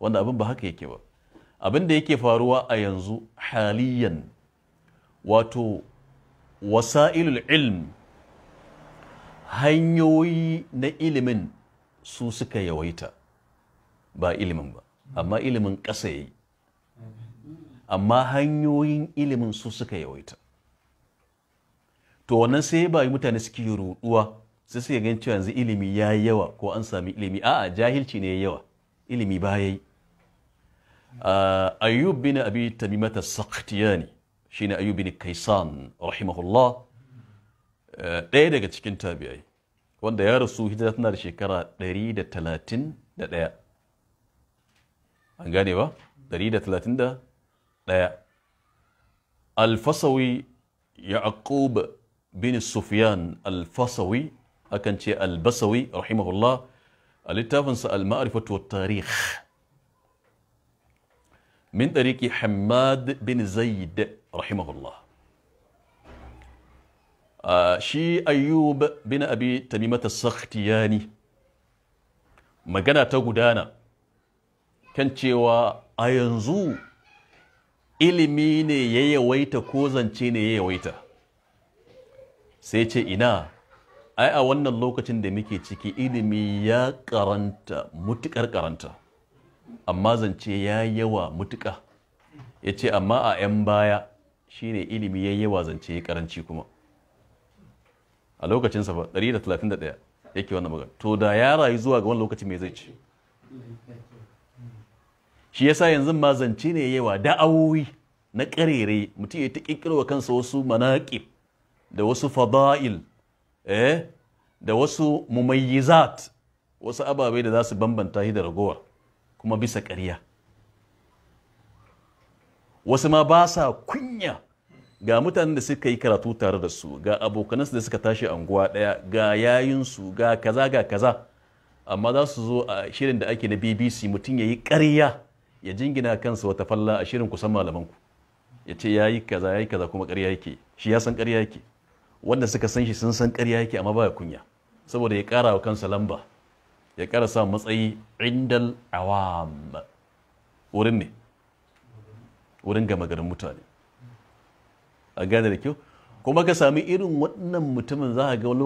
wanda abin ba haka yake ba abin da yake faruwa a yanzu haliyan wato wasa'ilul ilm hanyoyi na ilimin su suka yawaita ba ilimin ba amma ilimin ƙasa yi amma hanyoyin ilimin su suka yawaita to wannan sai ba mutane suke ruɗuwa sai suke gan cewa yanzu ilimi ya yawa ko an sami ilimi a'a jahilci ne ya yawa ilimi ba Uh, ayyub bin abi tamimata saqtiyani shine ayyub bin kaisan rahimahullah uh, ɗaya daga cikin tabi'ai wanda ya rasu hijira tana da shekara 131 an gane ba 131 alfasawi yaqub bin Sufiyan alfasawi akan ce albasawi rahimahullah a littafinsa al-ma'rifatu wa min ɗariƙi hamad bin zaid rahimahullah shi ayyub bin abi tamimata sakhtiyani magana ta gudana kan cewa a yanzu ilimi ne ya yawaita ko zance ne ya yawaita sai ce ina ai a wannan lokacin da muke ciki ilimi ya karanta mutukar karanta amma zance ya yawa mutuka ya ce amma a 'yan baya shine ilimi ya yawa zance ya karanci kuma a lokacinsa ba 131 yake wannan magana to da ya rayu zuwa ga wani lokaci mai zai ce shi ya sa yanzu ma zance ne yawa da'awowi na karere mutum ya ta wa kansa wasu manaƙib da wasu fada'il eh, da wasu mumayyizat wasu ababai da za su bambanta shi da ragowa kuma bisa ƙarya wasu ma ba sa kunya ga mutanen da suka yi karatu tare da su ga abokanansu da suka tashi anguwa ɗaya ga yayinsu ga kaza ga kaza amma za su zo a shirin da ake na bbc mutum ya yi ƙarya ya jingina kansa wata falla a shirin kusan malamanku ya ce ya yi kaza ya yi kaza kuma ƙarya yake shi ya san ƙarya yake wanda suka san shi sun san ƙarya yake amma ba ya kunya saboda ya ƙara wa kansa lamba ya kara karasa matsayi indal awam wurin ne wurin gama garin mutane a gane da kyau kuma ka sami irin waɗannan mutumin za a ga